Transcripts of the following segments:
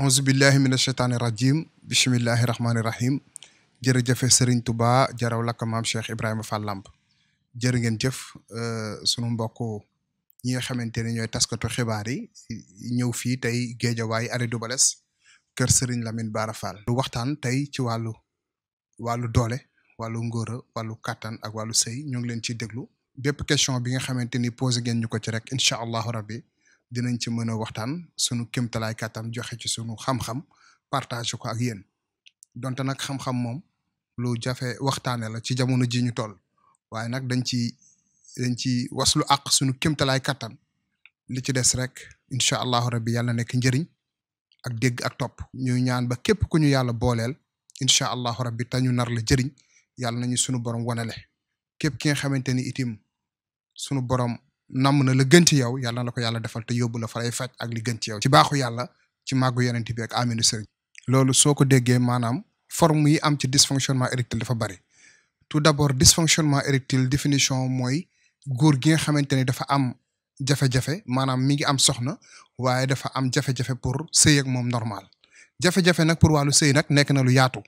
auzu billahi mina shaytaani rajim bisimillahi rahmaani rahim jërëjëfe sëriñ tubaa jaraw lakk maam cheikh ibrahima fall lamp jërë ngeen jëf euh, sunu mbokk ñi nga xamante ne ñooy taskatu xibaar yi ñëw fii tey géejawaay arrêt du bales kër sëriñ lamin Bara Fall waxtaan tey ci wàllu wàllu doole wàllu ngóora wàllu kàttan ak wàllu sëy ñoo ngi leen ciy déglu bépp question bi nga xamante ni posé ngeen ñu ko ci rek incha allahu rabbi dinañ ci mën a waxtaan sunu kéemtalaay kàttan joxe ci sunu xam-xam partage ko ak yéen donte nag xam-xam moom lu jafe waxtaane la ci jamono ji ñu toll waaye nag dañ ci dañ ci waslu àq sunu kéemtalaay kàttan li ci des rek incha allahu rabbi yàlla nekk njëriñ ak dégg ak topp ñu ñaan ba képp ku ñu yàlla booleel incha allahu rabbi ta ñu nar la jëriñ yàlla nañu sunu borom wanale képp ki nga xamante ni itim sunu borom. namm na la gën ci yow yàlla la ko yàlla defal te yóbbu la faray faj ak li gën ci yow ci baaxu yàlla ci màggu yonent bi ak aminu sëriñ loolu soo ko déggee maanaam forme yi am ci dysfonctionnement érectile dafa bari tout d'abord dysfonctionnement érectile définition mooy góor gi nga xamante ni dafa am jafe-jafe maanaam mi ngi am soxna waaye dafa am jafe-jafe pour sëy moom normal jafe-jafe nag pour wàllu sëy nag nekk na lu yaatu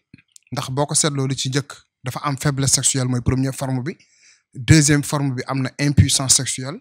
ndax boo ko seetloo lu ci njëkk dafa am faiblesse sexuelle mooy première forme bi deuxième forme bi am na impuissance sexuelle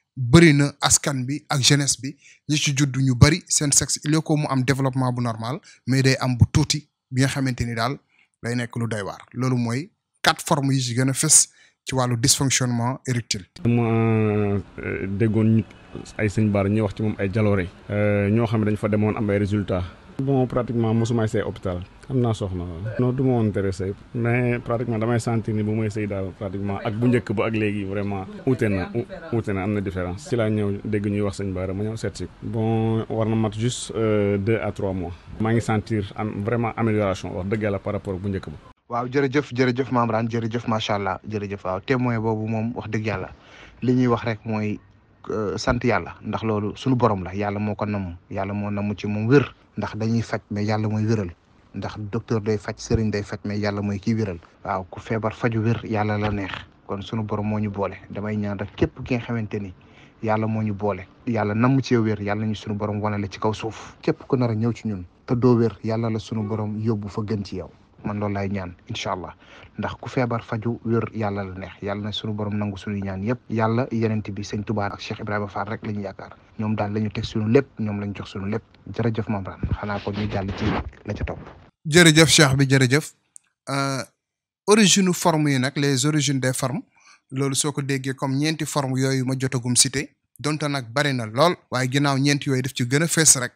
bëri na askan bi ak jeunesse bi ñi ci juddu ñu bëri seen sexe il mu am développement bu normal mais day am bu tuuti bi nga xamante ni daal day nekk lu day waar loolu mooy quatre formes yi ci gën a fës ci wàllu dysfonctionnement érectile. dama euh, déggoon ay sëñ Bara ñuy wax ci moom ay jaloore. Euh, ñoo xam ne dañ fa demoon am ay résultats. bon pratiquement mosuma say hôpital am kan naa soxna no du ma intéressé mais pratiquement damay sentir ni bu may say dal pratiquement ak bu ñëk bu ak légui vraiment outé na outé na amna différence ci la ñëw dégg ñuy wax sëñ baara ma ñëw seet bon warna mat juste eh, deux à 3 mois ma ngi sentir am vraiment amélioration wax dëgg la par rapport bu ñëk bu waaw jërëjëf jërëjëf mamran jërëjëf machallah allah jërëjëf waaw témoin boobu moom wax dëgg yàlla li ñuy wax rek mooy euh, sant yàlla ndax loolu suñu borom la yàlla moo ko namu yàlla moo namu ci moom wér ndax dañuy faj mais yàlla mooy wéral ndax docteur day faj sëriñ day faj mais yàlla mooy kii wiral waaw ku feebar faju wér yàlla la neex kon sunu borom moo ñu boole damay ñaan rek képp ki nga xamante ni yàlla moo ñu boole yàlla namm ci wér yàlla ñu sunu borom wanale ci kaw suuf képp ku nar a ñëw ci ñun te doo wér yàlla la sunu borom yóbbu fa gën ci yow man loolu laay ñaan incha allah ndax ku feebar faju wér yàlla la neex yàlla na sunu borom nangu suñuy ñaan yëpp yàlla yenent bi sëñ Touba ak Cheikh Ibrahima Fall rek la ñu yaakaar ñoom daal la ñu teg suñu lépp ñoom la ñu jox suñu lépp jërëjëf Mame Rane xanaa ko ñu jàll ci la ca topp. jërëjëf Cheikh bi jërëjëf euh, origine forme yi nag les origines des formes loolu soo ko déggee comme ñeenti forme yooyu ma jotagum cité donte nag bari na lool waaye ginnaaw ñeenti yooyu daf ci gën a fës rek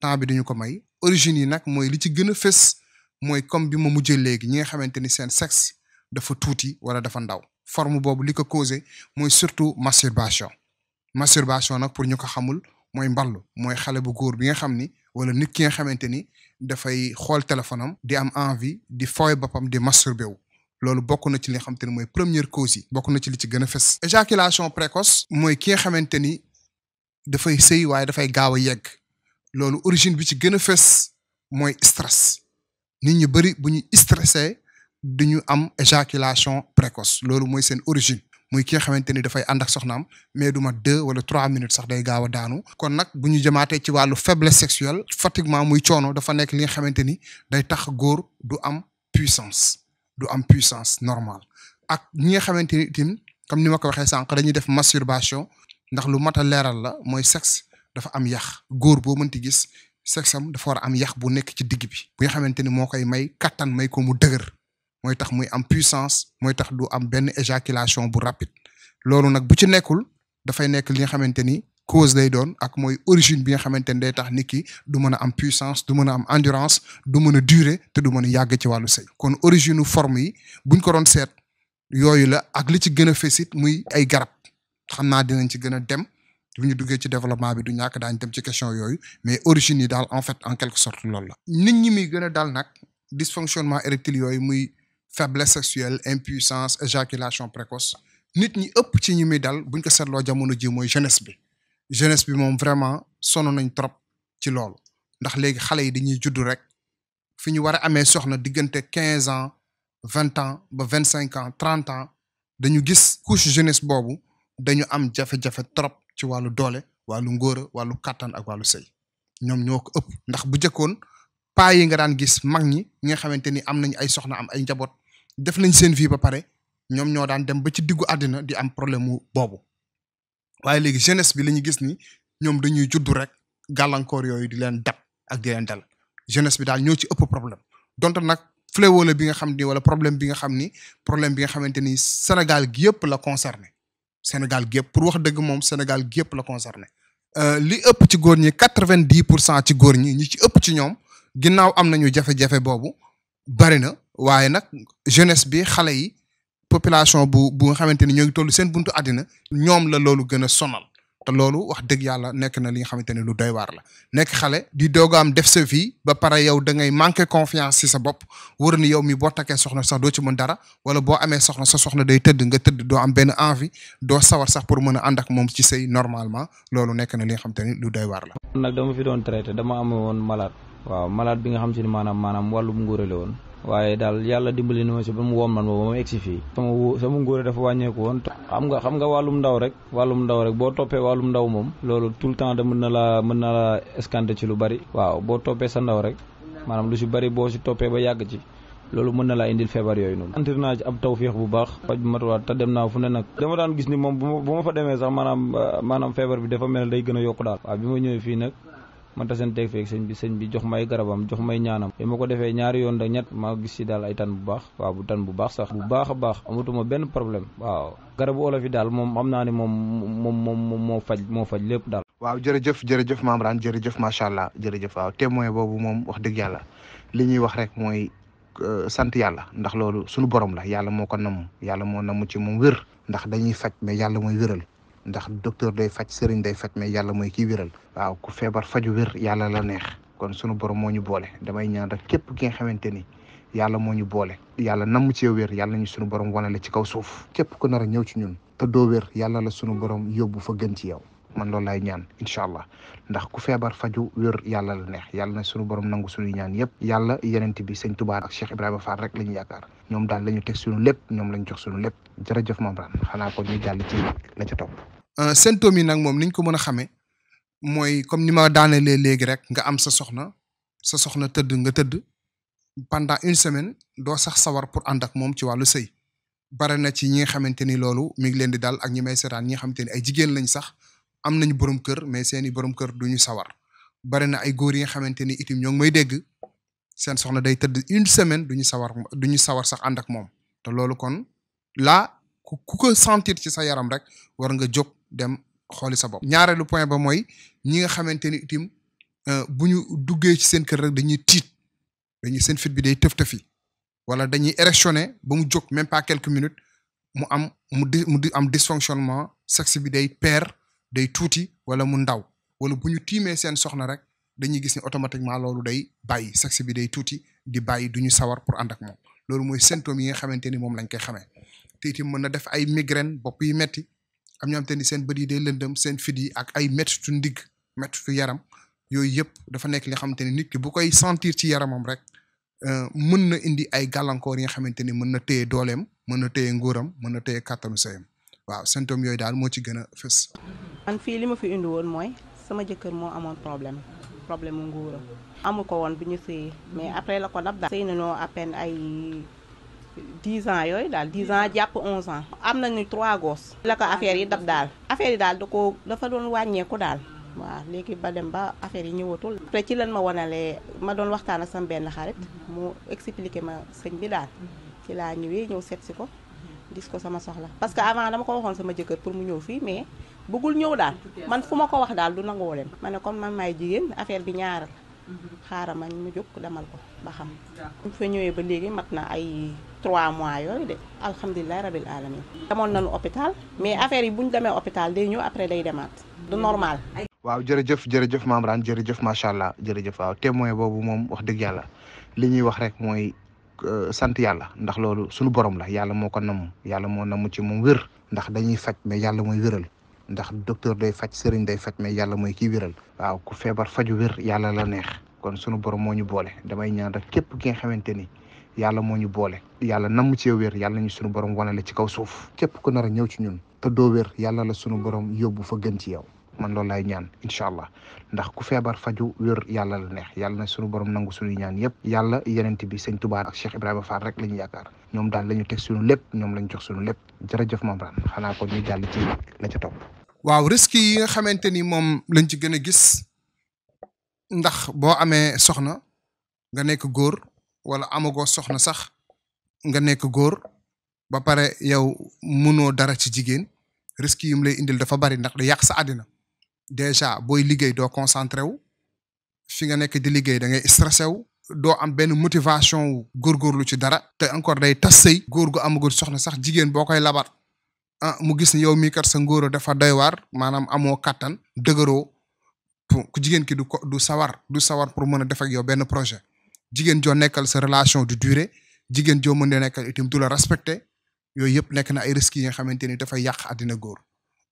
temps bi duñu ko may origine yi nag mooy li ci gën a fës moy comme bi mo ñi nga xamanteni sen sexe dafa tuuti wala dafa ndaw forme bobu liko causer moy surtout masturbation masturbation nak pour ñu ko xamul moy mballu moy xalé bu goor bi nga xamni wala nit ki nga xamanteni da fay xol téléphone envie di foy bopam di lolu bokku na ci li xamanteni première cause yi bokku na ci li ci gëna fess éjaculation précoce ki nga gaaw yegg lolu origine bi ci gëna fess stress nit ñu bëri bu ñu stressé du am éjaculation précoce loolu mooy seen origine muy ki nga xamante ni dafay ànd ak soxnaam mais du ma deux wala trois minutes sax day gaaw a daanu. kon nag bu ñu jëmaatee ci wàllu faiblesse sexuelle fatiguement muy coono dafa nekk li nga xamante ni day tax góor du am puissance du am puissance normale ak ñi nga xamante ni itam comme ni ma ko waxee sànq dañuy def masturbation ndax lu mat a leeral la mooy sexe dafa am yax góor boo mënti gis sexe am dafa war am yax bu ci digg bu nga xamante koy may kattan may ko mu tax muy am puissance mooy tax du am benn bu rapide loolu nag bu ci li cause lay doon ak mooy origine bi nga day tax puissance du mën am endurance du mën a durer te du mën ci kon origine forme yi buñ ko la ak li ci a muy ay garab bu ñu duggee ci développement bi du ñak dañ dem ci question yoyu mais origine dal en fait en quelque sorte lool la. nit ñi mi gëna dal nak dysfonctionnement érectile yoyu muy faiblesse sexuelle impuissance éjaculation précoce nit ñi ëpp ci ñi mi dal buñ ko sétlo jamono ji moy jeunesse bi jeunesse bi mom vraiment sonu nañ trop ci lool ndax légui xalé yi dañuy judd rek fi ñu wara amé soxna diggante quinze ans vingt ans ba vingt cinq ans trente ans dañu gis couche jeunesse bobu dañu am jafé jafé trop. ci walu doole walu ngor walu katan ak walu sey ñom ñoko ëpp ndax bu jëkkoon pa yi nga daan gis mag ñi nga xamanteni am nañ ay soxna am ay njabot def nañ seen vie ba pare ñom ñoo daan dem ba ci diggu adina di am problème bobu waye legi jeunesse bi lañu gis ni ñom dañuy juddu rek galankor yoy di leen dab ak di leen dal jeunesse bi daal ñoo ci ëpp problème donte nak fléau la bi nga xamni wala problème bi nga xamni problème bi nga xamanteni Sénégal gi yépp la concerné Sénégal gépp pour wax dëgg moom Sénégal gépp la concerné euh, li ëpp ci góor ñi quatre-vingt-dix pour cent ci góor ñi ñi ci ëpp ci ñoom ginnaaw am nañu jafe-jafe boobu bari na waaye nag jeunesse bi xale yi population bu bu nga xamante ni ñoo ngi toll seen buntu àddina ñoom la loolu gën a sonal te loolu wax dëgg yàlla nekk na li nga xamante ne lu doy waar la nekk xale di doog am def sa vie ba pare yow da ngay manqué confiance si sa bopp wër ni yow mi boo takkee soxna sax doo ci mën dara wala boo amee soxna sa soxna day tëdd nga tëdd doo am benn envie doo sawar sax pour mën a ànd ak moom ci sëy normalement loolu nekk na li xam xamante ne lu doy waar la nag dama fi doon traité dama am woon malade waaw malade bi nga xam si ne maanaam maanaam wàllum nguurale woon waaye daal yàlla dimbali na ma si ba mu woon man ba ma egsi fii sama wó sama ngóore dafa wàññeeku woon xam nga xam nga wàllum ndaw rek wàllum ndaw rek boo toppee wàllum ndaw moom loolu tout le temps da mën na laa mën na laa escanté ci lu bari waaw boo toppee sa ndaw rek maanaam lu si bari boo si toppee ba yàgg ci loolu mën na laa indil feebar yooyu noonu antir naa ci ab tawféex bu baax faj bu matuwaat te dem naa fu ne nag dama daan gis ni moom bu ma fa demee sax maanaam maanaam feebar bi dafa mel day gën a yokku daal ma ñëwee fii nag ma tek fek sëñ bi sëñ bi jox may garabam jox may ñaanam bi ma ko defee ñaari yoon da ñet ma gis ci daal ay tan bu baax waaw bu tan bu baax sax bu baax a baax amatuma benn problème waaw garabu olof yi daal moom xam naa mom moom moom moom moo faj moo faj lépp daal waaw jërëjëf jërëjëf Mame Rane jërëjëf macha allah jërëjëf waaw témoin boobu moom wax dëgg yàlla li ñuy wax rek mooy euh, sant yàlla ndax loolu suñu borom la yàlla moo ko namm yàlla moo namm ci moom wér ndax dañuy faj mais yàlla mooy wéral ndax docteur day faj sëriñ day faj mais yàlla mooy kii wéral waaw ku feebar faju wér yàlla la neex kon sunu borom moo ñu boole damay ñaan rek képp ki nga xamante ni yàlla moo ñu boole yàlla namm ci yow wér yàlla ñu sunu borom la ci kaw suuf képp ku nar a ñëw ci ñun te doo wér yàlla la sunu borom yóbbu fa gën ci yow man loolu laay ñaan incha allah ndax ku feebar faju wér yàlla la neex yàlla na sunu borom nangu suñuy ñaan yëpp yàlla yenent bi sëñ Tuubaa ak Cheikh Ibrahima rek la ñu yaakaar ñoom daal la ñu teg suñu lépp ñoom la ñu jox suñu lépp jërëjëf Mame Rane xanaa ko ñuy jàll ci la ca topp Euh, symptôme yi nak mom niñ ko mëna xamé moy comme ni ma lé légui rek nga am sa soxna sa soxna teud nga teud pendant une semaine do sax sawar pour andak mom ci walu sey bare na ci ñi xamanteni lolu mi ngi leen di dal ak ñi may seetaan ñi xamanteni ay jigen lañ sax am nañ borom kër mais seeni borom kër duñu sawar bare na ay goor yi xamanteni itim ñoo ngi may dégg seen soxna day teud une semaine duñu sawar duñu sawar sax andak mom moom te kon la ku ko sentir ci sa yaram rek war nga jog dem xooli sa bopp. ñaareelu point ba mooy ñi nga xamante ni itam euh, bu ñu duggee ci seen kër rek dañuy tiit dañuy seen fit bi day tëf tëfi wala dañuy érectionné ba mu jóg même pas quelques minutes mu am mu di mu di am dysfonctionnement sexe bi day peer day tuuti wala mu ndaw wala bu ñu tiimee seen soxna rek dañuy gis ne automatiquement loolu day bàyyi sexe bi day tuuti di bàyyi du ñu sawar pour ànd ak moom loolu mooy symptômes yi nga xamante ni moom lañ koy xamee te itam mën na def ay migraine bopp yi metti am ñoo xam te ni seen bët yi day lëndëm seen fit yi ak ay mettitu ndigg mettitu yaram yooyu yëpp dafa nekk li nga xamante ni nit ki bu koy sentir ci yaramam rek euh, mën na indi ay gàllankoor yi nga xamante ni mën na téye dooleem ma na téye nguuram ma na téye kàttanu sayam waaw symptômes yooyu daal moo ci gën a fës. man fii li ma fi indi woon mooy sama jëkkër moo amoon problème problème mu nguuram. amu ko woon bu ñu sëyee mais après la ko dab daal. sëy nañoo à peine dix ans yooyu daal dix ans jàpp onze ans. am nañu trois gosses. la ko affaire yi dab daal. affaire yi daal da ko dafa doon wàññeeku daal. waaw léegi ba dem ba affaire yi ñëwatul. après ci lan ma wanalee ma doon waxtaan a sama benn xarit. mu expliqué ma sëñ bi daal. ci laa ñëwee ñëw seet ko. dis ko sama soxla parce que avant dama ko waxoon sama jëkkër pour mu ñëw fii mais bëggul ñëw daal man fu ma ko wax daal du nangoo leen. ma ne comme man maay jigéen affaire bi ñaaral xaaral ma ñu jóg demal ko. ba xam bu fa ñëwee ba léegi mat na ay trois mois yooyu de alhamdulilah rabil alamin demoon nañu hôpital mais affaire yi bu ñu demee hôpital day ñëw après day demaat du normal waaw jërëjëf jërëjëf maam Rane jërëjëf macha allah jërëjëf waaw témoin boobu moom wax dëgg yàlla li ñuy wax rek mooy euh, sant yàlla ndax loolu suñu borom la yàlla moo ko namm yàlla moo namm ci moom wér ndax dañuy faj mais yàlla mooy wéral ndax docteur day faj sëriñ day faj mais yàlla mooy kii wéral waaw ku feebar faju wér yàlla la neex kon sunu borom moo ñu boole damay ñaan rek képp ki nga xamante ni yàlla moo ñu boole yàlla namm cee wér yàlla ñu sunu borom wane la ci kaw suuf képp ku nar a ñëw ci ñun te doo wér yàlla la sunu borom yóbbu fa gën ci yow man loolu laay ñaan incha allah ndax ku feebar faju wér yàlla la neex yàlla na sunu borom nangu sunuy ñaan yëpp yàlla yenent bi sëñ Tuubaa ak Cheikh Ibrahima Fall rek la ñu yaakaar ñoom daal la ñu teg sunu ñoom la ñu jox sunu lépp jërëjëf Mame Rane xanaa ko ñu jàll ci la ca topp waaw risque yi nga xamante ni a ndax boo amee soxna nga nekk góor wala amagoo soxna sax nga nekk góor ba pare yow munoo dara ci jigéen risque yum lay indil dafa bari ndax da yàq sa àddina déjà booy liggéey doo concentré wu fi nga nekk di liggéey da ngay stressé wu doo am benn motivation wu góorgóorlu ci dara te encore day tas sey góor gu amagul soxna sax jigéen boo koy labar ah mu gis ni yow mii sa ngóor dafa doy waar maanaam amoo kattan dëgëroo ku jigéen ki du ko du sawar du sawar pour mën a def yow benn projet jigéen joo nekkal sa relation du durée jigéen joo mën a nekkal itam du la respecté yooyu yëpp nekk na ay risques yi nga xamante ni dafay yàq àddina góor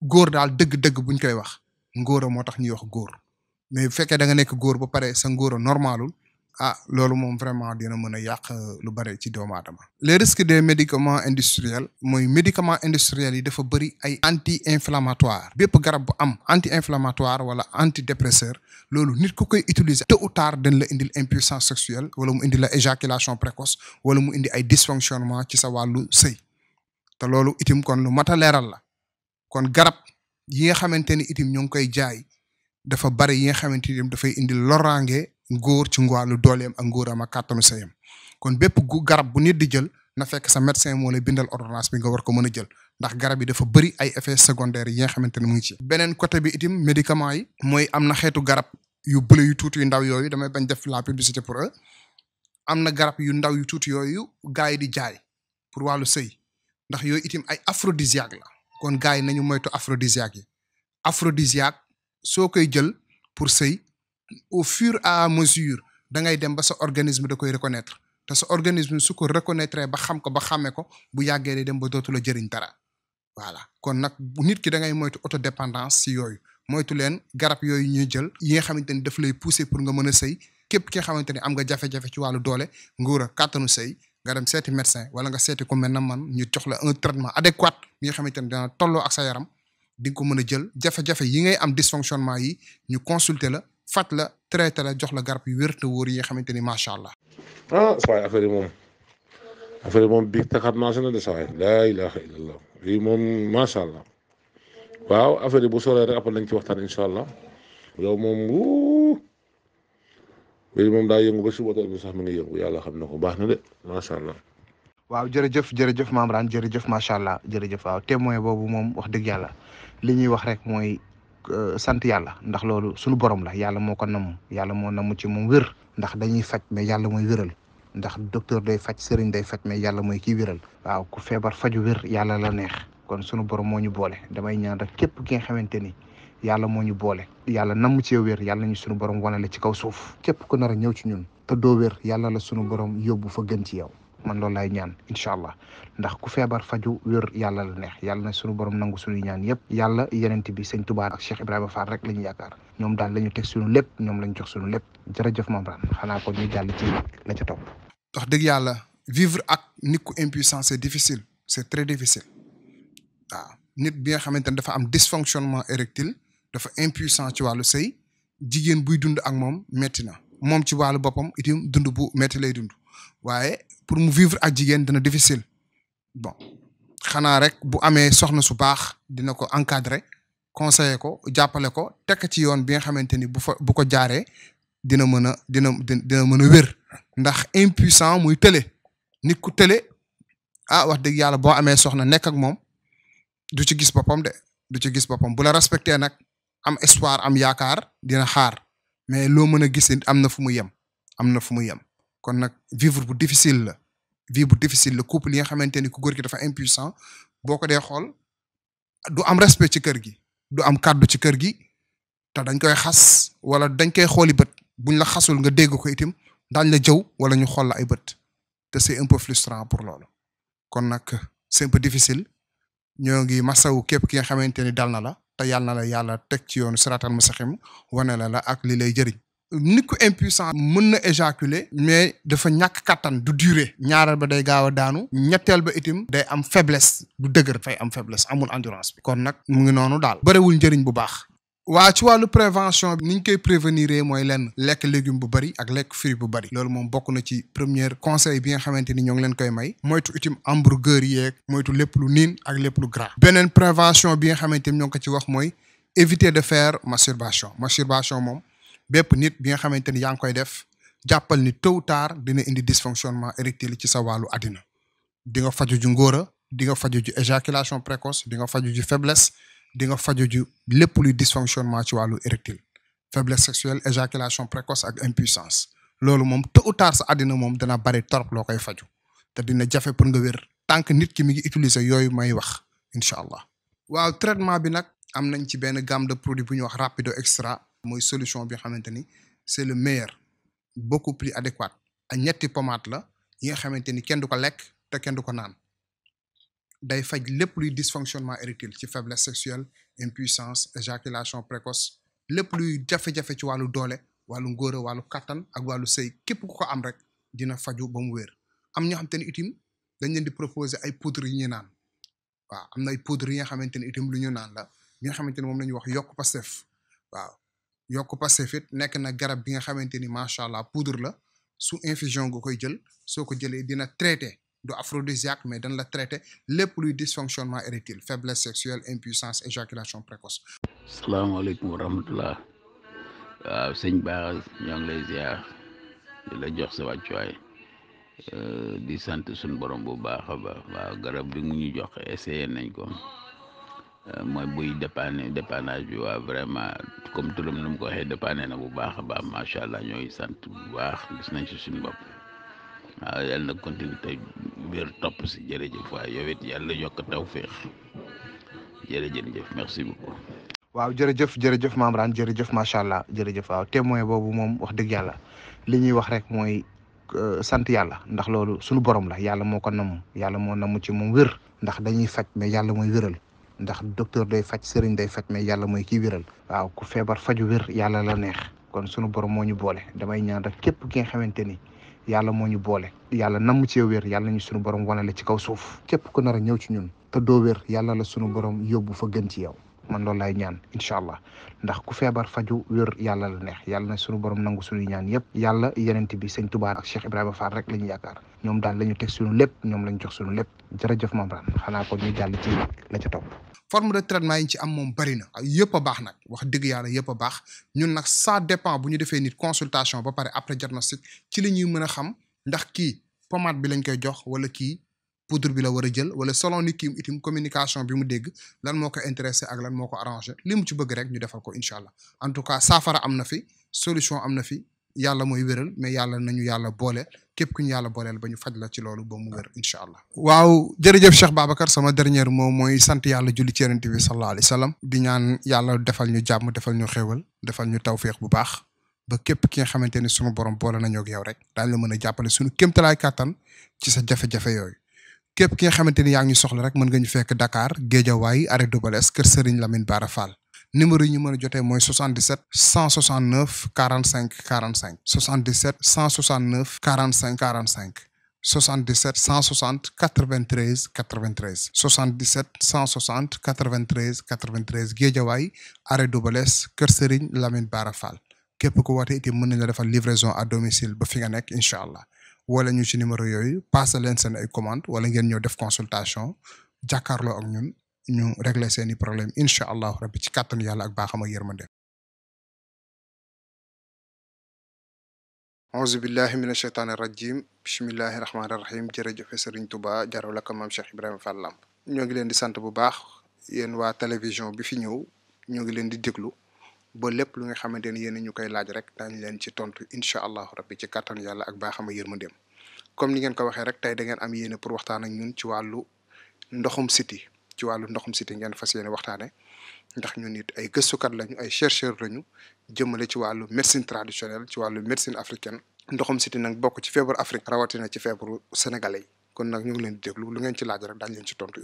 góor daal dëgg-dëgg buñ koy wax ngóora moo tax ñuy wax góor mais bu fekkee da nga nekk góor ba pare sa ngóora normalul ah lolu mom vraiment dina meuna yak euh, lu bari ci doom aadama les risques des médicaments industriels moy médicaments industriels yi dafa bari ay anti inflammatoire bép garab bu am anti inflammatoire wala antidépresseur lolu nit ku koy utiliser tôt ou tard dañ la indil impuissance sexuelle wala mu indi la éjaculation précoce wala mu indi ay dysfonctionnement ci sa walu sey te lolu itim kon lu mata a la kon garab yi nga xamanteni itim ñu koy jaay dafa bari yi nga xamante ni indi lorangé ngoor ci wàllu dooleem ak ngóoram ak kàttanu sayam kon bépp gu garab bu nit di jël na fekk sa médecin moo lay bindal ordonnance bi nga war ko mën a jël ndax garab yi dafa bëri ay effets secondaires yi nga xamante ne mu ngi ci. beneen côté bi itam médicament yi. mooy am na xeetu garab yu bële yu tuuti yu ndaw yooyu damay bañ def la publicité pour eux am na garab yu ndaw yu tuuti yooyu gars yi di jaay pour wàllu sëy ndax yooyu itim ay aphrodisiaque la kon gars yi nañu moytu aphrodisiaque yi aphrodisiaque soo koy jël pour sëy au fur et à mesure da ngay dem ba sa organisme da koy reconnaître te sa organisme su ko reconnaître ba xam ko ba xamé ko bu yàggee day dem ba dootu la jëriñ dara voilà kon nag nit ki da ngay moytu autodépendance si yooyu moytu leen garab yooyu ñu jël yi nga xamante ni daf lay pousser pour nga mën a sëy képp ki nga xamante ni am nga jafe-jafe ci wàllu doole nguur a kàttanu sëy nga dem seeti médecin wala nga seeti ko mel na man ñu jox la un traitement adéquat bi nga xamante ni dana tolloo ak sa yaram di ko mën a jël jafe-jafe yi ngay am dysfonctionnement yi ñu consulter la faj la traité la jox la garab yu wér te wóor yi nga xamante ni macha allah. ah saa waay affaire yi moom affaire yi moom bii taxaat marché na de saa waay lii moom macha allah waaw affaire yi bu sooree rek après nañ ci waxtaan incha allah yow moom wuu moom daa yëngu ba suba teel bi sax mi ngi yëngu yàlla xam na ko baax na de macha allah. waaw jërëjëf jërëjëf Mame Rane jërëjëf macha allah jërëjëf waaw témoin boobu moom wax dëgg yàlla li ñuy wax rek mooy. Euh, sant yàlla ndax loolu suñu borom la yàlla moo ko namm yàlla moo namm ci moom wér ndax dañuy faj mais yàlla mooy wéral ndax docteur day faj sëriñ day faj mais yàlla mooy kii wéral waaw ku feebar faju wér yàlla la neex kon sunu borom moo ñu boole damay ñaan rek képp ki nga xamante ni yàlla moo ñu boole yàlla namm ci yow wér yàlla ñu sunu borom wanale ci kaw suuf képp ku nar a ñëw ci ñun te doo wér yàlla la sunu borom yóbbu fa gën ci yow man loolu lay ñaan incha allah ndax ku feebar faju wér yàlla la neex yàlla na suñu borom nangu suñu ñaan yépp yàlla yenent bi sëñ Tuubaa ak Cheikh Ibrahima Fall rek lañu ñu yaakaar ñoom daal lañu ñu teg suñu lépp ñoom lañu jox suñu lépp jërëjëf Mame Rane xanaa ko ñu jàll ci la ca topp wax dëgg yàlla vivre ak nit ku impuissant c'est difficile c'est très difficile waaw nit bi nga xamante ne dafa am dysfonctionnement érectile dafa impuissant ci wàllu sëy jigéen buy dund ak moom métti na moom ci wàllu boppam itim dund bu métti lay dund waaye pour mu vivre ak jigéen dana difficile bon xanaa rek bu amee soxna su baax dina ko encadrer conseiller ko jàppale ko tekk ci yoon bi nga xamante ni bu fa bu ko jaaree dina mën a dina dina mën a wér ndax impuissant muy tële nit ku tële ah wax dëgg yàlla boo amee soxna nekk ak moom du ci gis boppam de du ci gis boppam bu la respecté nag am espoir am yaakaar dina xaar mais loo mën a gis am na fu mu yem am na fu mu yem kon nag vivre bu difficile la vie bu difficile la couple yi nga xamante ni ku góor gi dafa impuissant boo ko dee xool du am respect ci kër gi du am kàddu ci kër gi te dañ koy xas wala dañ koy xooli bët buñ la xasul nga dégg ko itam daañ la jëw wala ñu xool la ay bët te c'est un peu frustrant pour loolu kon nag c'est un peu difficile ñoo ngi masawu képp ki nga xamante ni dal na la te yàlla na la yàlla teg ci yoonu siraatal mustaqim wane la la ak li lay jëriñ nit ku impuissant mën na éjaculer mais dafa ñàkk kattan du durer ñaareel ba day gaaw a daanu ñetteel ba itim day am faiblesse du dëgër fay am faiblesse amul endurance bi kon nag mu ngi noonu daal bëriwul njëriñ bu baax waa ci wàllu prévention bi ni ñu koy prévenir mooy lenn lekk légume bu bëri ak lekk fruit bu bëri loolu moom bokk na ci premier conseil bi nga xamante ni ñoo ngi leen koy may moytu itim hamburger yeeg moytu lépp lu niin ak lépp lu gras beneen prévention bi nga xamante ni ñoo ngi ko ci wax mooy éviter de faire masturbation masturbation moom bépp nit bi nga xamante ni yaa ngi koy def jàppal ni tôt ou tard dina indi dysfonctionnement érectile ci sa wàllu adina di nga faju ju ngóora di nga faju ju éjaculation précoce di nga faju ju faiblesse di nga faju ju lépp luy dysfonctionnement ci wàllu érectile faiblesse sexuelle éjaculation précoce ak impuissance loolu moom tôt ou tard sa adina moom dana bari torop loo koy faju te dina jafe pour nga wér tant nit ki mi ngi utiliser yooyu may wax incha allah waaw traitement bi nag am nañ ci benn gamme de produit bu ñuy wax rapido extra moy solution bi xamanteni c'est le meilleur beaucoup plus adéquat ak ñetti pommade la yi nga xamante kenn duko lek te kenn duko ko naan day faj lepp luy dysfonctionnement érectile ci faiblesse sexuelle impuissance éjaculation précoce lepp luy jafé jafé ci walu doole walu ngoro walu katan ak walu sey képp ku ko am rek dina faju ba mu wér am ñoo xamanteni itim dañ leen di proposer ay poudre yi ñu naan waaw am na ay poudre yi nga xamante itim lu ñu naan la ñi nga xamante ni moom la ñuy wax yokk Pastef waaw yokk Pastef it nekk na garab bi nga xamante ni macha allah poudre la sous infusion nga koy jël soo ko jëlee dina traité du aphrodisiaque mais dana la traité lépp luy dysfonctionnement érectile faiblesse sexuelle impuissance éjaculation précoce. salaamaaleykum wa rahmatullah waaw sëñ Bara ñoo ngi lay ziar di la jox sa wàccuwaay euh, di sant suñu borom bu baax a baax waaw garab bi mu ñu jox essayé nañ ko. Euh, mooy buy dépanner dépannage bi waa vraiment comme turam nu ko waxee dépanner na bu baax a baax macha allah ñooy sant bu baax gis nañ ci suñu bopp waaw yàlla na continue te topp si jërëjëf waaye yow it yàlla yokk taw féex jërëjëf merci waaw jërëjëf jërëjëf maam jërëjëf macha allah jërëjëf waaw témoin boobu moom wax dëgg yàlla li ñuy wax rek mooy euh, sant yàlla ndax loolu sunu borom la yàlla moo na namu yàlla moo na ci moom wér ndax dañuy faj mais yàlla mooy wéral ndax docteur day faj sëriñ day faj mais yàlla mooy kii wiral waaw ku feebar faju wér yàlla la neex kon sunu borom moo ñu boole damay ñaan képp ki nga xamante ni yàlla moo ñu boole yàlla namm ci wér yàlla ñu sunu borom wane la ci kaw suuf képp ku nar a ñëw ci ñun te doo wér yàlla la sunu borom yóbbu fa gën ci yow man loolu laay ñaan incha allah ndax ku feebar faju wér yàlla la neex yàlla na suñu borom nangu suñuy ñaan yëpp yàlla yenent bi sëñ Tuubaa ak Cheikh a Fall rek la ñu yaakaar ñoom daal lañu ñu teg suñu lépp ñoom la ñu jox suñu lépp jërëjëf Mame Rane xanaa ko ñu jàll ci la ca topp forme ci am moom bari na yëpp baax nag wax dëgg yàlla yëpp a baax ñun nag ça dépend bu ñu defee nit consultation ba pare après diagnostic ci li ñuy mën a xam ndax kii pommade bi lañ koy jox wala kii poudre bi la war a jël wala selon ni kii itam communication bi mu dégg lan moo ko intéressé ak lan moo ko arrangé li mu ci bëgg rek ñu defal ko incha allah en tout cas saafara am na fi solution am na fi yàlla mooy wéral mais yàlla na ñu yàlla boole képp ku ñu yàlla booleel ba ñu faj la ci loolu ba mu wér incha allah. waaw jërëjëf Cheikh Babacar sama dernière moom mooy sant yàlla julli ci yonent bi sallallahu alayhi wa di ñaan yàlla defal ñu jàmm defal ñu xéewal defal ñu tawféex bu baax. ba képp ki nga xamante ni sunu borom boole nañoo yow rek daañu la mën a jàppale sunu kéemtalaay kàttan ci sa jafe yooyu képp ki nga xamante ngi soxla rek à Dakar Guédiawaye arrêt Doubalès Kër Serigne Lamine barafal numéro de ñu mën 169 45 45 77 169 45 45 77 160 93 93 77 160 93 93 Guédiawaye arrêt Doubalès Kër Serigne Lamine barafal Vous képp ku une livraison à domicile ba fi nga wala ñu ci numéro yooyu passé leen seen ay commande wala ngeen ñoo def consultation jàkkaarloo ak ñun ñu régler seen i problème incha allahu rabbi ci kàttanu yàlla ak baaxam ak yërmande auzu billahi mina sheytaani rajim bismillahi rahmaani rahim jërëjëf Serigne Touba jaraw la ko maam Cheikh Ibrahima Fall Lamp ñoo ngi leen di sant bu baax yéen waa télévision bi fi ñëw ñoo ngi leen di déglu ba lépp lu nga xamante ni yéen ñu koy laaj rek daañu leen ci tontu incha allahu rabbi ci kàttan yàlla ak baaxama yërmandeem comme ni ngeen ko waxee rek tey da ngeen am yéene pour waxtaan ak ñun ci wàllu ndoxum siti ci wàllu ndoxum siti ngeen fas yéene waxtaane ndax ñun it ay gëstukat lañu ay chercheur lañu jëmale ci wàllu médecine traditionnelle ci wàllu médecine africaine ndoxum siti nag bokk ci feebar afrique rawatina ci feebaru sénégalais kon nag ñu ngi leen di déglu lu ngeen ci laaj rek leen ci tontu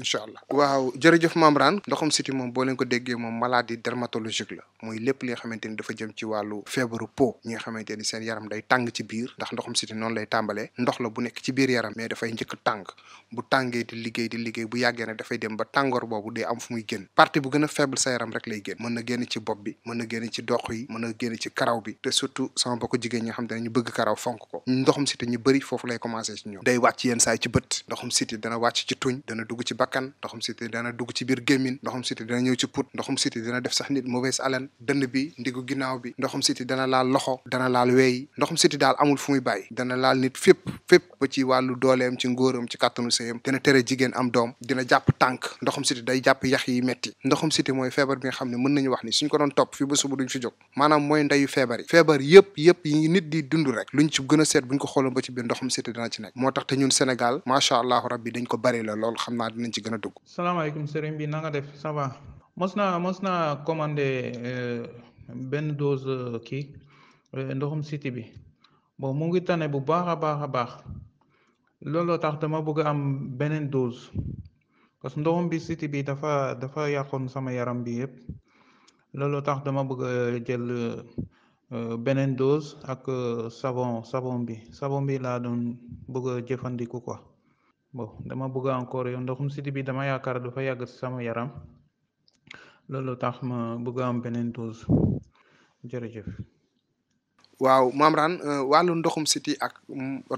waaw jërëjëf ndoxum leen ko déggee maladie dermatologique la mooy lépp li nga ni dafa jëm ci wàllu feebaru peau ñi nga xamante ni seen yaram day tàng ci biir ndax ndoxum siti noonu lay tàmbalee ndox la bu nekk ci biir yaram mais dafay njëkk tàng bu tàngee di liggéey di liggéey bu yàggee ne dafay dem ba tàngoor boobu day am fu muy génn a faible sa yaram rek génn ci bopp bi mën na génn ci doq yi mën na génn ci karaw bi te surtout sama bokk jigéen ñi nga bëgg karaw fonk ko ndoxum siti ñu bëri foofu lay commencé ci ñoom day wàcc yenn saay ci bët ndoxum siti dana wàcc ci tuñ dana dugg ci bakkan ndoxum siti dana dugg ci biir gémmiñ ndoxum siti dana ñëw ci put ndoxum siti dina def sax nit mauvaise haleine dënn bi ndigu ginnaaw bi ndoxum siti dana laal loxo dana laal weey ndoxum siti daal amul fu muy bàyyi dana laal nit fépp fépp ba ci wàllu dooleem ci ngóoram ci kàttanu sëyam dana tere jigéen am doom dina jàpp tànk ndoxum siti day jàpp yax yi metti ndoxum siti mooy feebar bi nga xam ne mën nañu wax ni suñ ko doon topp fi ba suba duñ fi jóg maanaam mooy ndeyu feebar yi nit di dund rek luñ ci gën a seet buñ ko xooloon ba ci biir ndoxum siti dana ci nekk moo tax te ñun Sénégal macha allahu rabbi dañ ko bari la lool xam naa dinañ ci gën dugg mos naa mos naa commandé euh, benn dose euh, kii euh, ndoxum siti bi bon mu ngi tane bu baax a baax a baax looloo tax dama bëgg am beneen dose parce que ndoxum bi siti bi dafa dafa yàqoon sama yaram bi yëpp looloo tax dama bëgg jël beneen dose ak savon savon bi savon bi laa doon bëgg a jëfandiku quoi bon dama bëgg encore yow ndoxum siti bi dama yaakaar dafa yàgg sama yaram. loolu tax ma bëgg am beneen dose waaw maam raan wàllu ndoxum siti ak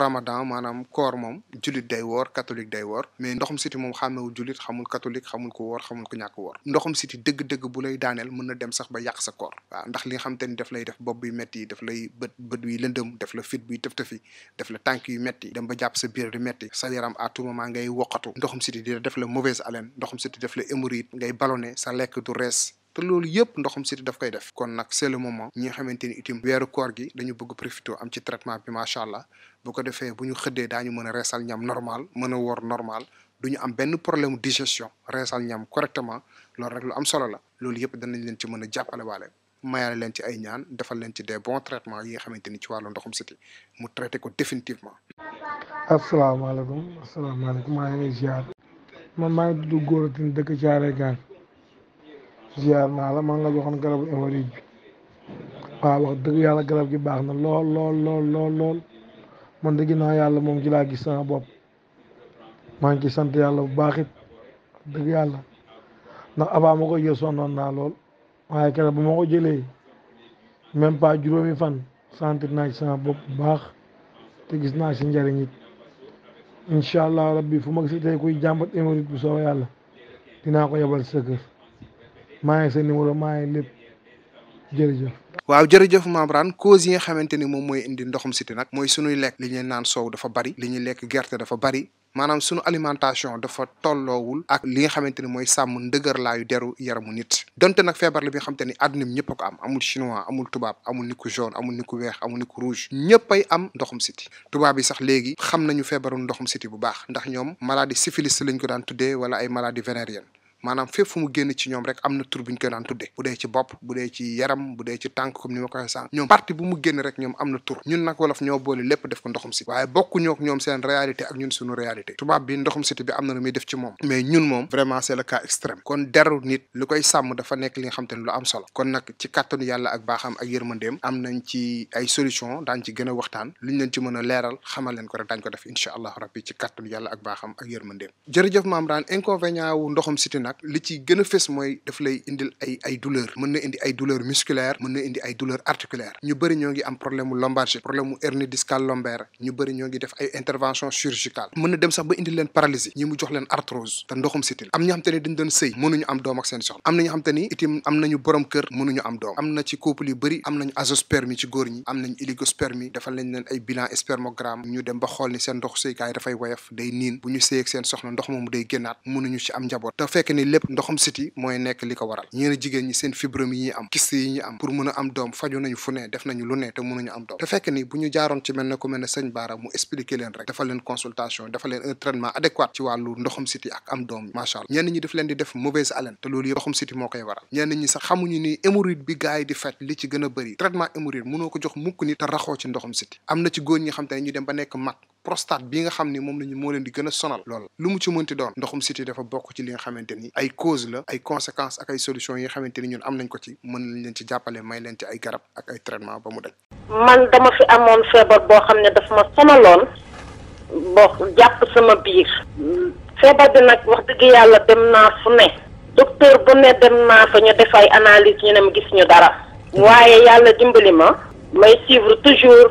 ramadan maanaam koor moom jullit day woor catholique day woor mais ndoxum siti moom xàmmewu jullit xamul catholique xamul ko woor xamul ko ñàkk woor ndoxum siti dëgg-dëgg bu lay daaneel mën na dem sax ba yàq sa koor waaw ndax li nga xam te ni daf lay def bopp bi metti daf lay bët bët wi lëndëm daf la fit bi tëf tëfi daf la tànk yu metti dem ba jàpp sa biir di metti sa yaram à tout moment ngay woqatu ndoxum siti di def la mauvaise haleine ndoxum siti daf la hémorroïde ngay ballonné sa lekk du rees te loolu yëpp ndoxum siti daf koy def kon nag c'est le moment ñi nga xamante ni itam weeru koor gi dañu bëgg profité am ci traitement bi macha allah bu ko defee bu ñu xëddee daañu mën a reesal ñam normal mën a woor normal du ñu am benn problème digestion reesal ñam correctement loolu rek lu am solo la loolu yëpp danañ leen ci mën a jàppale waale mayaale leen ci ay ñaan defal leen ci des bons traitements yi nga ni ci wàllu ndoxum siti mu traité ko définitivement a asalaamaaleykum maa ngi ziar man maa ngi tudd ziar naa la man nga joxoon garabu hémorroïde bi waaw wax dëgg yàlla garab gi baax na lool lool lool lool lool man de ginnaaw yàlla moom ci laa gis sama bopp maa ngi ci sant yàlla bu baax it dëgg yàlla ndax avant ma ko jël sonnoon naa lool waaye keroog bu ma ko jëlee même pas juróomi fan sentir naa ci sama bopp bu baax te gis naa ci njariñ it incha allah rabbi fu ma gisee tey kuy jàmbat hémorroïde bu soobee yàlla dinaa ko yebal sa maa ngi maa ngi jërëjëf. waaw jërëjëf membran cause yi nga xamante ni moom mooy indi ndoxum siti nag mooy suñuy lekk li ñuy naan soow dafa bari li ñuy lekk gerte dafa bari maanaam suñu alimentation dafa tolloowul ak li nga xamante ni mooy sàmm ndëgër laayu deru yaramu nit donte nag feebar la bi nga xamante ni àdduna ñëpp a ko am amul chinois amul tubaab amul ni ku jaune amul ni ku weex amul ni ku rouge ñëpp ay am ndoxum siti tubaab yi sax léegi xam nañu feebaru ndoxum siti bu baax ndax ñoom maladie syphilis lañ ko daan tuddee wala ay maladie vénérienne maanaam fépp fu mu génn ci ñoom rek am na tur bu ñu koy daan tudde bu dee ci bopp bu ci yaram bu ci tànk comme ni ma ko waxee sànq ñoom parti bu mu génn rek ñoom am na tur ñun nag wolof ñoo boole lépp def ko ndoxum siti waaye bokku ñoom seen réalité ak ñun suñu réalité tubaab bi ndoxum siti bi am na lu muy def ci moom mais ñun moom vraiment c'est le cas kon deru nit lu koy sàmm dafa nekk li nga xam te lu am solo kon nag ci kàttanu yàlla ak baaxam ak a waxtaan luñ xamal leen ko ko def incha allah rabbi ci kàttanu yàlla ak baaxam ak yërmandeem jërëjëf maam nag li ci gën a mooy daf lay indil ay ay douleur mën na indi ay douleur musculaire mën na indi ay douleur articulaire ñu bëri ñoo ngi am problème mu lombalgie problème mu hernie discale lombaire ñu bëri ñoo ngi def ay intervention chirurgicale mën na dem sax ba indil leen paralysie ñi mu jox leen arthrose te ndoxum sitil am ñoo xam te ne dañ doon sëy mënuñu am doom ak seen soxna am na ñoo xam te ni itam am nañu borom kër mënuñu am doom am na ci couple yu bëri am nañu azoospermie ci góor ñi am nañu oligospermie defal nañ leen ay bilan spermogramme ñu dem ba xool seen ndoxu sëykaay dafay woyof day niin bu ñu sëy ak seen soxna ndox moomu day génnaat mënuñu ci am njaboot ni lépp ndoxum siti mooy nekk li ko waral ñeen jigéen ñi seen fibrome yi ñuy am kiste yi ñu am pour mën am doom faju nañu fu def nañu lu te mënuñu am doom te fekk ni bu ñu jaaroon ci mel ne ku mel ne mu expliquer leen rek dafa leen consultation dafa leen traitement adéquat ci wàllu ndoxum siti ak am doom macha allah ñi daf leen di def mauvaise haleine te loolu yëpp ndoxum siti moo koy waral ñenn ñi sax xamuñu ni hémorroïde bi gars di faj prostate bii nga xam ni moom la ñu moo leen di gën a sonal loolu lu mu ci mënti doon ndoxum siti dafa bokk ci li nga xamante ni ay cause la ay conséquences ak ay solutions yi nga xamante ni ñun am nañ ko ci mën nañ leen ci jàppale may leen ci ay garab ak ay traitement ba mu daj man dama fi amoon feebar boo xam ne dafa ma sonaloon boo jàpp sama biir feebar bi nag wax dëgg yàlla dem naa fu ne docteur bu ne dem naa fa ñu def ay analyse ñu ne ma gis dara waaye yàlla dimbali ma may suivre toujours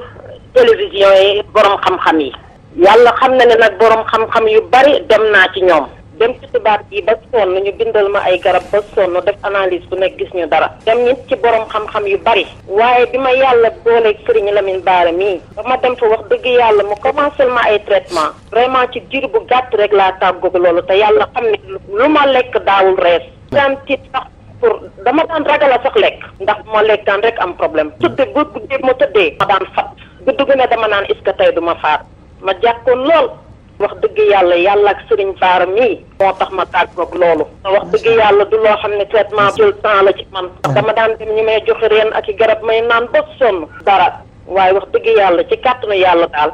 télévision borom xam yi yàlla xam na ne nag borom xam-xam yu bari dem naa ci ñoom. dem ci tubaab yi ba sonn ñu bindal ma ay garab ba sonn def analise bu nekk gis ñu dara dem nit ci boroom xam-xam yu bari waaye bi ma yàlla booleeg sëriñ la Bara mii ba dama dem fa wax dëgg yàlla mu commencé ma ay traitement vraiment ci diir bu gàtt rek laa tàggoog loolu te yàlla xam ne lu ma lekk daawul rees daan tiit sax pour dama daan ragala sax lekk ndax bu ma lekk rek am problème tëdd bu guddee ma tëddee ma daan fat gudd gu dama naan est du ma faat ma jàpp ko lool. wax dëgg yàlla yàlla ak sëriñ Baara mii. moo tax ma tàggoog loolu. wax dëgg yàlla du loo xam ne traitement jël temps la ci man. dama daan dem ñu may joxe reen ak i garab may naan ba sonn. dara waaye wax dëgg yàlla ci kàttanu yàlla daal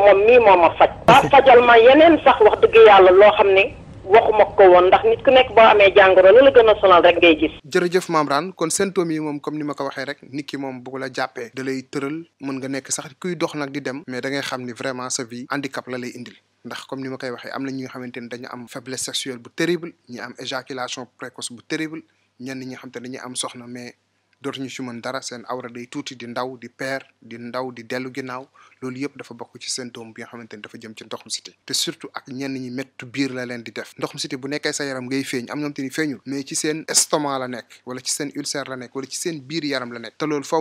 moom mii moom ma faj. waa fajal ma yeneen sax wax dëgg yàlla loo xam ne. waxuma ko woon ndax nit ku nekk boo amee jàngoro la la gën rek ngay gis. jërëjëf Mame Rane kon symptômes yi moom comme ni ma ko waxee rek nit ki moom bu la jàppee dalay lay mën nga nekk sax kuy dox nag di dem mais da ngay xam ni vraiment sa vie handicap la lay indil. ndax comme ni ma koy waxee am na ñi nga xamante ni dañu am faiblesse sexuelle bu terrible ñi am éjaculation précoce bu terrible ñenn ñi nga xam te dañuy am soxna mais dootuñu ci mën dara seen awra day tuuti di ndaw di peer di ndaw di dellu ginnaaw loolu yëpp dafa bokk ci symptôme bi nga xamante dafa jëm ci ndoxum siti te surtout ak ñenn ñi mettu biir la leen di def ndoxum siti bu nekkee sa yaram ngay feeñ am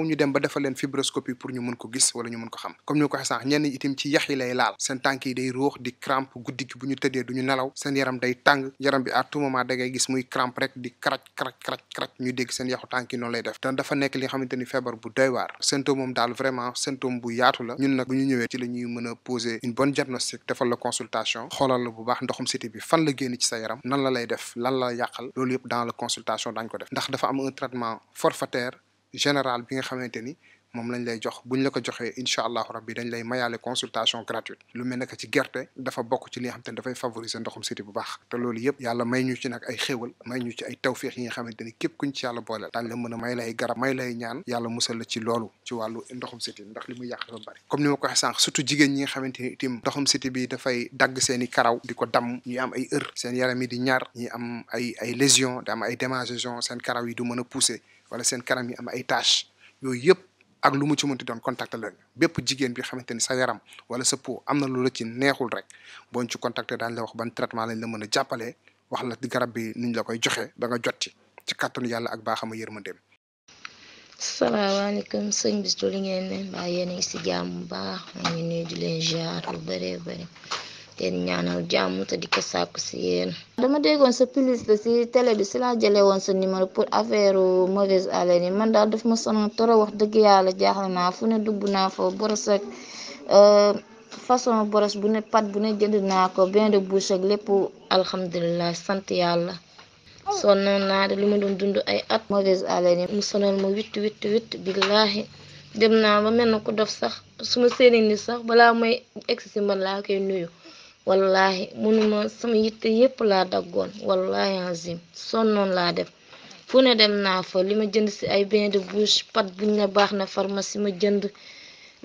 ñu dem ba defal leen fibroscopie pour ñu mën ko gis wala ñu mën ko xam comme ñu ko waxee sànq ñenn ci yax lay laal seen tànk day ruux di crampe guddi bu ñu tëddee duñu nelaw seen yaram day tàng yaram bi à tout moment da gis muy crampe rek di kraj kraj kraj ñu dégg seen yaxu tànk bu ñu ñëwee ci la ñuy mën a poser une bonne diagnostic defal la consultation xoolal la bu baax ndoxum cité bi fan la génn ci sa yaram nan la lay def lan la yàqal loolu yëpp dans la consultation dañ ko def ndax dafa am un traitement forfaitaire général bi nga xamante ni mom lañ lay jox buñ la ko joxee incha allahu rabbi dañ lay mayale consultation gratuite lu mel ne ci gerte dafa bokk ci li nga xam te dafay favoriser ndoxum city bu baax te loolu yëpp yàlla may ñu ci nag ay xéwal may ñu ci ay tawféex yi nga xamante ni képp kuñ ci yàlla booleel daañ la mën a may lay garab may lay ñaan yàlla musal la ci loolu ci wàllu ndoxum city ndax li muy yàq dafa bari comme ni ma ko waxee sànq surtout jigéen ñi nga xamante ni itam ndoxum city bi dafay dagg seen i karaw di ko damm ñuy am ay heure seen yaram yi di ñaar ñuy am ay ay lésions di am ay démangeaisons seen karaw yi du mën a pousser wala seen karam yi am ay taches yooyu yëpp ak lu mu ci mënti doon contacter leen bépp jigéen bi xamante ni sa yaram wala sa peau am na lu la ci neexul rek boo ci contacter daañu la wax ban traitement lañ la mën a jàppalee wax la garab bi niñ la koy joxe ba nga jot ci ci kàttanu yàlla ak baaxam a yërmandeem. salaamaaleykum sëñ bis li ngeen ne mbaa yéen a si jàmm baax maa ngi nuyu di leen ziar lu leen ñaanal jàmm sa di ko si yéen dama déggoon sa pilis la si télé bi si laa jëlee woon sa numéro pour affaire mauvaise haleine man daal daf ma sonal toro wax dëgg yàlla jaaxle naa fu ne dugg naa fa boros ak euh, bu ne bu ne jënd naa ko bain de bouche ak lépp alhamdulilah sant yàlla sonnoon naa de lu ma doon dund ay at mauvaise haleine yi mu sonal ma witt witt witt billaahi dem naa ba mel na ku dof sax su ma seeni ni sax balaa may egsi si man laa koy nuyu wallahi munuma sama yitte yépp laa daggoon wallahi azim sonnoon laa def fu ne dem naa fa li ma jënd si ay bain de bouche pat buñ ne baax na pharmacie ma jënd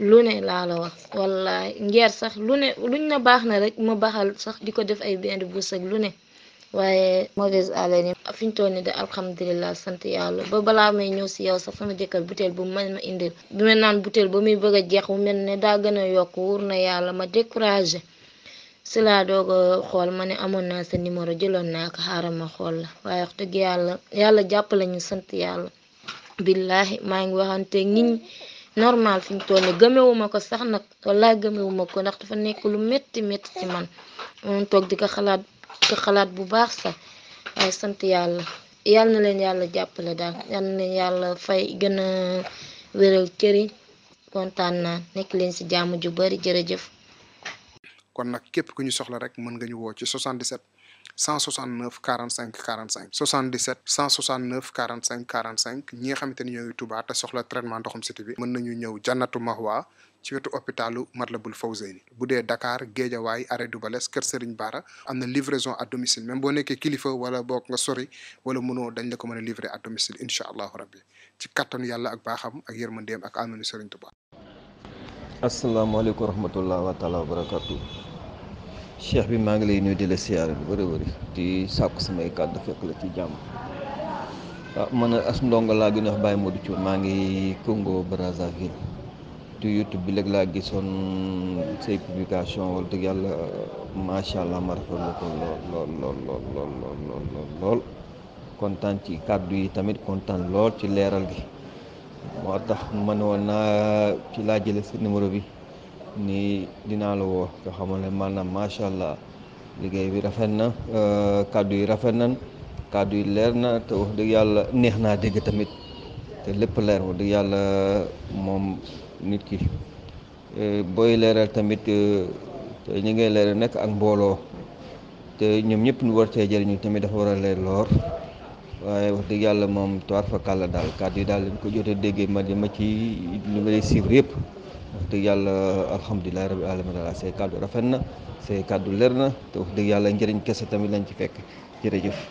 lu ne laa la wax wallahi ngeer sax lu ne luñ ne baax na rek ma baaxal sax di ko def ay bain de bouche ak lu ne waaye mauvaise haleine yi ah, fi ñu toll nii de alhamdulilah sant yàlla ba balaa may ñëw si yow sax sama jëkkër butéel bu ma ma indi bi ma naan butéel ba muy bëgg a jeex mu mel ne daa gën a yokk wóor na yàlla ma découragé si laa doog xool ma ne amoon naa sa numéro jëloon naa ko xaaral ma xool la waaye wax dëgg yàlla yàlla jàppale ñu sant yàlla billahi maa ngi waxante nit ñi normal fi ñu toll gëmewuma ko sax nag wallaay gëmewuma ko ndax dafa nekk lu métti métti ci man moom toog di ko xalaat ko xalaat bu baax sax waaye sant yàlla yàlla na leen yàlla jàppale daal yàlla na yàlla fay gën a wéral cëriñ kontaan naa nekk leen si jàmm ju bari jërëjëf kon nak képp ku ñu soxla rek mën nga ñu woo ci 77 169 45 45 77 169 45 45 ñi nga xamante ni ñoo ngi Touba te soxla traitement ndoxum siti bi mën nañu ñëw Jannatu Mahwa ci wetu hôpitalu Matlaboul Fawzeyni bu dee Dakar Géejawaay arrêt du Balès Kër Serigne Bara am na livraison à domicile même boo nekkee kilifa wala boog nga sori wala mënoo dañ la ko mën livrer à domicile incha allahu rabbi ci kattanu yàlla ak baaxam ak yërmandeem ak amanu Serigne Touba Assalamualaikum warahmatullahi wa taala wa cheikh bi mang lay ñu di la bu bëri bëri di sama ay kàddu fekk la ci jamm ah man as ndong la gi ñu wax bay Modou Thioune maa ngi Congo Brazzaville tu YouTube bi lek la gisoon say publication deug yalla ma sha allah ma lol lol lol lol. lo lo lo lo lo lol kontaan ci kàddu yi tamit kontaan lool ci leeral gi. moo tax ma ne woon naa ci laa jële si numéro bi nii dinaa la woo nga xamal ne maanaam macha allah liggéey bi rafet na euh, kàddu yi rafet na kàddu yi leer na te wax dëgg yàlla neex naa dégg tamit te lépp leer wax dëgg yàlla moom nit ki euh, booy leeral tamit euh, te ñu ngay leeral nekk ak mbooloo te ñoom ñëpp ñu war cee jëriñu tamit dafa war a leer loor waaye wax dëgg yàlla moom tuwaat fa kàlla daal kàddu yi daal lañ ko jotee a déggee ma ma ci li ma lay suivre yëpp wax dëgg yàlla alhamdulilah rabil alamin daal say kàddu rafet na say kàddu leer na te wax dëgg yàlla njëriñ kese tamit lañ ci fekk jërëjëf.